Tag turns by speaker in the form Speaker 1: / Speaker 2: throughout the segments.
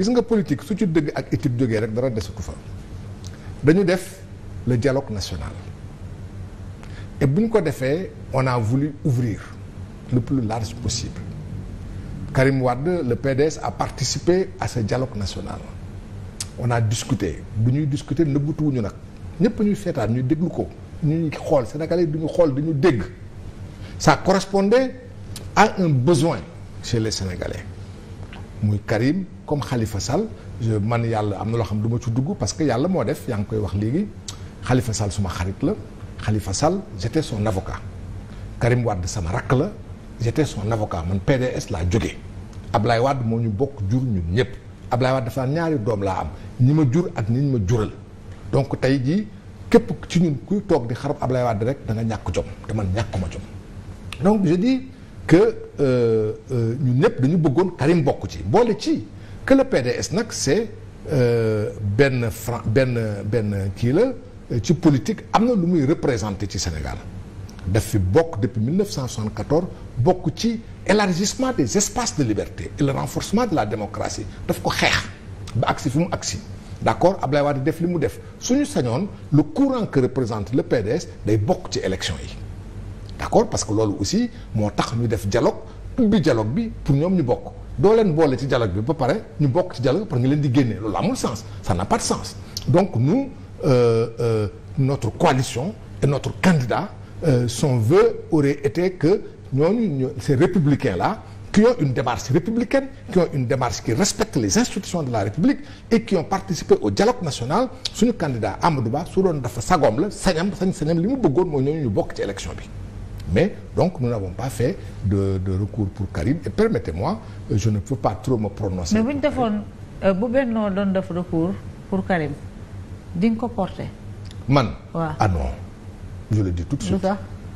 Speaker 1: gis nga politique su ci dëgg ak étude jógee rek dara desatu fa dañu def le dialogue national et bu ñu ko defee on a voulu ouvrir lu plus large possible Karim Wade le PDS a participer à ce dialogue national on a discuté bu ñuy discuter nëbbutuwuñu nag ñëpp ñuy seetaan ñu déglu ko ñuy xool Sénégalais du ñu xool du ñu dégg ça correspondait à un besoin chez les Sénégalais muy Karim comme Khalifa sal man yàlla am na loo xam du ma ci dugg parce que yàlla moo def yaa ngi koy wax léegi xalifa sal suma xarit la xalifa sal j'étais son avocat Karim Wade sama rakk la j'étais son avocat man PDS laa jógee Ablaye Wade moo ñu bokk jur ñun ñëpp Ablaye Wade dafa ñaari doom laa am ñi ma jur ak ñi ma jural donc tey jii képp ci ñun kuy toog di xarab Ablaye Wade rek danga ñàkk jom te man ñàkkuma jom donc je dis que euh, euh, ñun ñëpp dañu bëggoon Karim bokk que le PDS nag c'est euh, benn franc benn benn kii la euh, ci politique am na lu muy représenté ci Sénégal daf fi bokk depuis 1974 bokk ci élargissement des espaces de liberté et le renforcement de la démocratie daf ko xeex ba agsi fi mu agsi d'accord Ablaye Wade def li mu def suñu sañoon lu courant que représente le PDS day bokk ci élection yi d'accord parce que loolu aussi moo tax ñu def dialogue ubbi dialogue bi pour ñoom ñu bokk doo leen boole ci dialogue bi ba pare ñu bokk ci dialogue parce que nga leen di génne loolu amul sens ça n'a pas de sens donc nous euh, euh, notre coalition et notre candidat euh, son vœu aurait été que ñooñu ces républicains là qui ont une démarche républicaine qui ont une démarche qui respecte les institutions de la République et qui ont participé au dialogue national suñu candidat Amadou Ba su doon dafa sagoom la sañam sañ sañam li mu bëggoon mooy ñooñu ñu bokk ci élection bi Mais donc nous n'avons pas fait de de recours pour Karim et permettez-moi je ne peux pas trop me prononcer.
Speaker 2: mais bu ñu defoon euh, bu Benno doon def recours pour Karim di nga ko porter.
Speaker 1: man waaw ah non je le dis tout de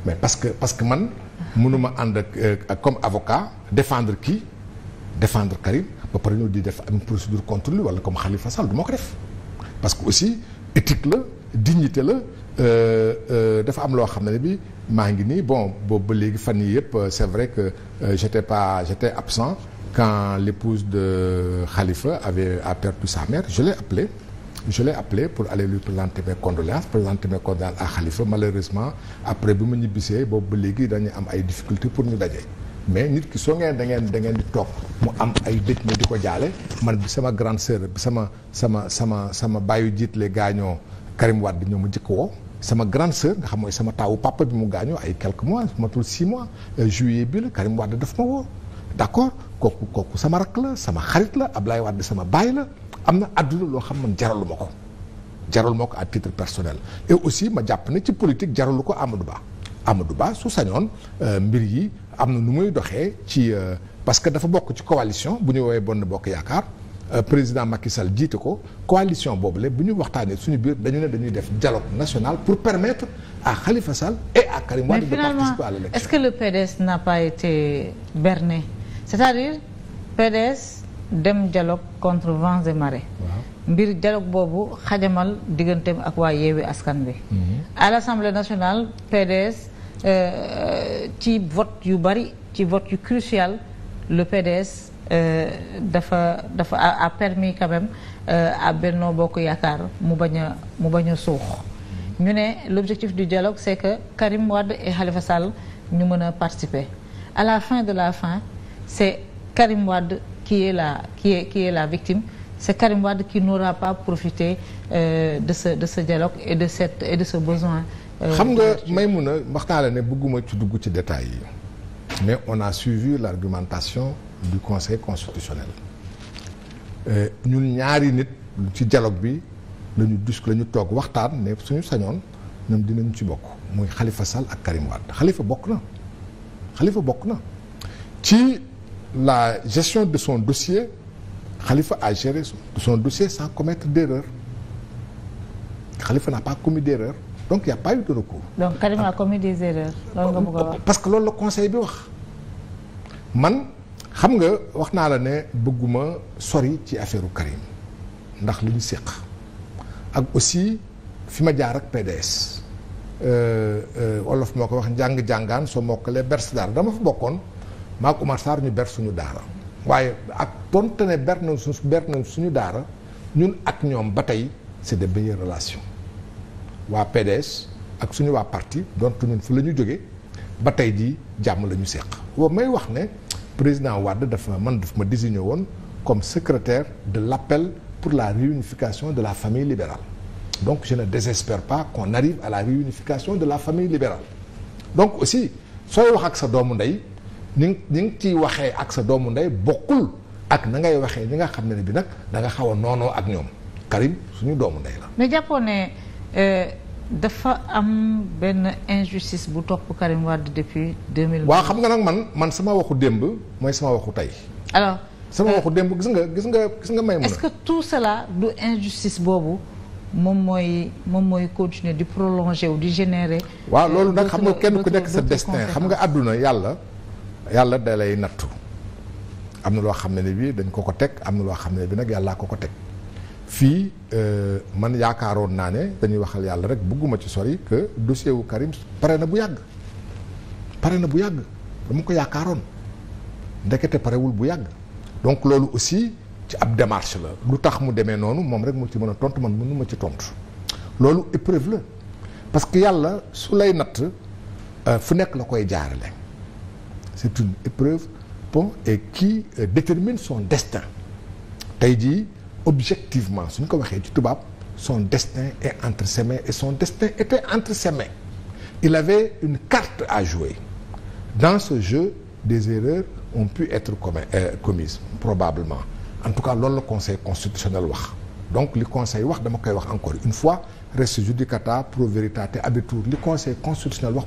Speaker 1: mais parce que parce que man mënuma ànd ak euh, comme avocat défendre kii défendre Karim ba pare ñu di def am procédure contre lui wala comme xalifa Sall du ma ko def parce que aussi éthique la dignité la. Euh, euh, dafa am loo xam ne bi maa ngi nii bon boobu ba léegi fan yii yëpp euh, c'est vrai que j'étais pas j'étais absent quand l'épouse de Khalifa avait a perdu sa mère je l'ai appelé je l'ai appelé pour aller lui présenter mes condoléances présenter mes condoléances à Khalifa malheureusement après bu ma ñibbisee boobu ba léegi dañuy am ay difficultés pour ñu daje mais nit ki soo ngeen da ngeen da ngeen di toog mu am ay dëj ma di ko jaale man bi sama grande sœur bi sama sama sama sama bàyyu jiitle gaañoo Karim Wade ñoo ma njëkk woo sama grande sœur nga xam mooy sama taawu papa bi mu gaañoo ay quelques mois matul six mois euh, juillet bi la Karim Wade daf ma woo d'accord kooku kooku sama rak la sama xarit la ab Ablaye Wade sama baay la am na àdduna loo xam man jaralu ma ko jaralu ma ko à titre personnel et aussi ma jàpp na ci politique jaralu ko amadu Ba Amadou Ba su sañoon euh, mbir yi am na nu muy doxee ci euh, parce que dafa bokk ci coalition bu ñu woowee bon Bokk Yaakaar Euh, président Macky Sall jiite ko coalition boobu la bu ñu waxtaanee suñu biir dañu ne dañuy def dialogue national pour permettre à Khalifa Sall et à Karim Wade de est-ce que
Speaker 2: le PDS n'a pas été berné c'est-à-dire PDS dem dialogue contre vents et marées. mbir dialogue boobu xajamal digganteem ak waa yeewi askan bi mhm. à l'Assemblée nationale PDS euh, ci vote yu bari ci vote yu crucial le PDS euh, dafa dafa a, a permis quand même euh, à Benno Bokk Yaakaar mu bañ a mu bañ suux ñu ne l'objectif du dialogue c'est que Karim Wade et Khalifa Sall ñu mën a participer à la fin de la fin c'est Karim Wade qui est la qui est qui la victime c'est Karim Wade qui n'aura pas profité euh, de ce de ce dialogue et de cette et de ce besoin euh, xam nga
Speaker 1: Maimouna wax naa la ne bëgguma ci dugg ci détails yi mais on a suivi l'argumentation du conseil constitutionnel euh, ñu ñaari nit ci dialogue bi la ñu dus la ñu toog waxtaan ne suñu sañoon ñoom dinañu ci bokk muy xalifa Sall ak Karim xalifa bokk na xalifa bokk na ci la gestion de son dossier xalifa a géré son dossier sans commettre d'erreur Khalifa n'a pas commis d'erreur donc il y a pas
Speaker 2: a commis
Speaker 1: parce que loolu la conseil bi wax man xam nga wax naa la ne bëgguma sori ci affaire Karim ndax li ñu séq ak aussi fi ma jaar ak PDS. Euh, euh, wolof moo ko wax njàng jàngaan soo mokkalee bers daara dama fa bokkoon maa ko Umar Sarr ñu ber suñu daara waaye ak donte ne ber nañ suñu suñu daara ñun ak ñoom ba tey c'est de meilleures relation waa PDS ak suñu waa parti donc ñun fu la ñu jógee ba tey jii jàmm la ñu seq. waaw may wax ne président Wade dafa man daf ma désigné woon comme secrétaire de lappel pour la réunification de la famille libérale donc je ne désespère pas qu'on arrive à la réunification de la famille libérale donc aussi sooy wax ak sa doomu ndey ni ni nga ciy waxee ak sa doomu ndey bokkul ak na ngay waxee ñi nga xam ne bi nag da nga xaw a noonoo ak ñoom Karim suñu doomu ndey
Speaker 2: la. Euh, dafa am benn injustice bu topp Karim Wade depuis deux mille. waaw xam
Speaker 1: nga nag man man sama waxu démb mooy sama waxu tey. alors sama euh, waxu démb gis nga gis nga gis nga may. est-ce que
Speaker 2: tout cela du injustice boobu moom mooy moom mooy continuer di prolonger wu di générer.
Speaker 1: waaw loolu nag xam nga kenn ku nekk sa destin xam nga àdduna yàlla. yàlla da nattu am na loo xam ne ni bii dañ ko ko teg am na loo xam ne bi nag yàllaa ko ko teg. fii euh, man yaakaaroon naa ne dañuy waxal yàlla rek bëgguma ci sori que dossier wu Karim pare na bu yàgg pare na bu yàgg dama ko yaakaaroon ndekete parewul bu yàgg donc loolu aussi ci ab demarche la lu tax mu demee noonu moom rek mu ci mën a tontu man mënuma ci tontu loolu épreuve la parce que yàlla su lay natt euh, fu nekk la koy jaarale c'est une épreuve bon et qui euh, détermine son destin tey jii objectivement suñ ko waxee ci tubaab son destin est entresemé et son destin était entresemé il avait une carte à jouer dans ce jeu des erreurs ont pu être euh, commises probablement en tout cas loolu la conseil constitutionnel wax donc li conseil wax dama koy wax encore une fois res judicata pro veritate habetur li conseil constitutionnel wax